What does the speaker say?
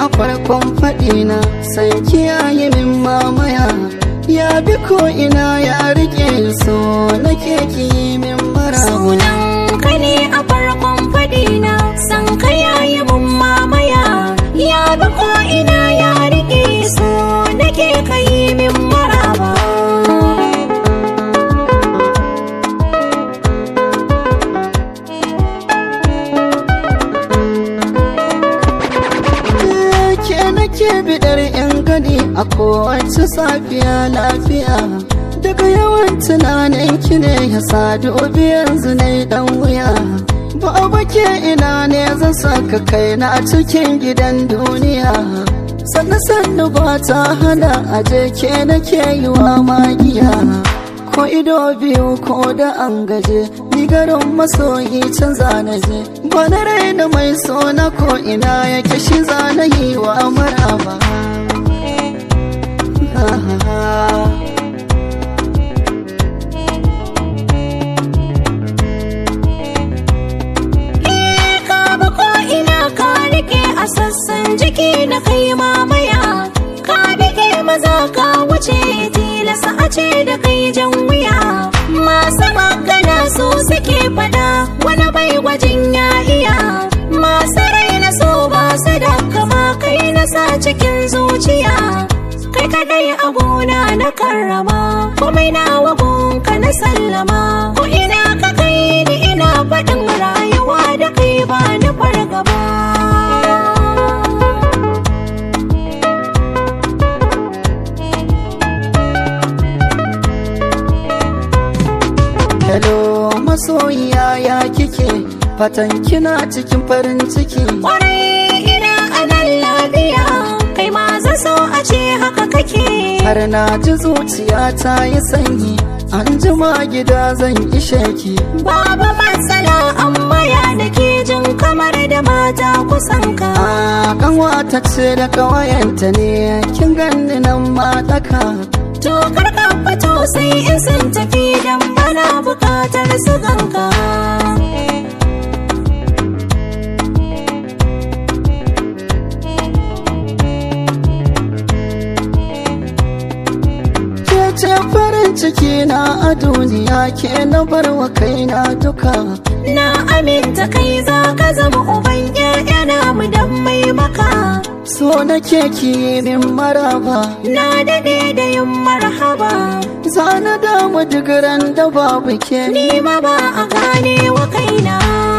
a farkon faɗina san kiyaye min mamaya ya bi ko ina ya riƙe so nake kiyi ina ya riƙe su nake kai min maraba ke nake biɗar yan gani a kowace safiya lafiya daga yawan tunanin ki ne ya sadu yanzu na dan wuya Baba ke ina ne zan saka kaina a cikin gidan duniya Sannan sannu ba ta hana aje ke nake yi wa magiya Ko ido biyu ko da an gaje ni garin masoyi can zanaje Ba na raina mai sona ko ina yake shi zanayi wa mara da kai mamaya ka bige maza ka wuce tilasa a ce da kai jan wuya masu magana su suke fada wani bai gwajin ya iya masu rai na so ba su da kama kai na sa cikin zuciya kai kadai a gona na karrama komai na wagonka na sallama ko ina ka kai ni ina faɗin hello masoyiya ya kike fatan kina cikin farin ciki kwarai ina anan lafiya kai ma zan so a ce haka kake har na ji zuciya ta yi sanyi an jima gida zan ishe ki babu matsala amma ya nake jin kamar da mata kusan ka a kan ta ce da kawayenta ne kin ganni nan ma ɗaka. To karka fito sai sun tafi bana bukatar su ganka. ce farin ciki na a duniya ke na barwa kaina duka na aminta kai za ka zama uban 'ya'yana mu dan mai maka so nake ki maraba na dade da yin marhaba zana damu duk ran da babu ke ni ma ba a gane wa kaina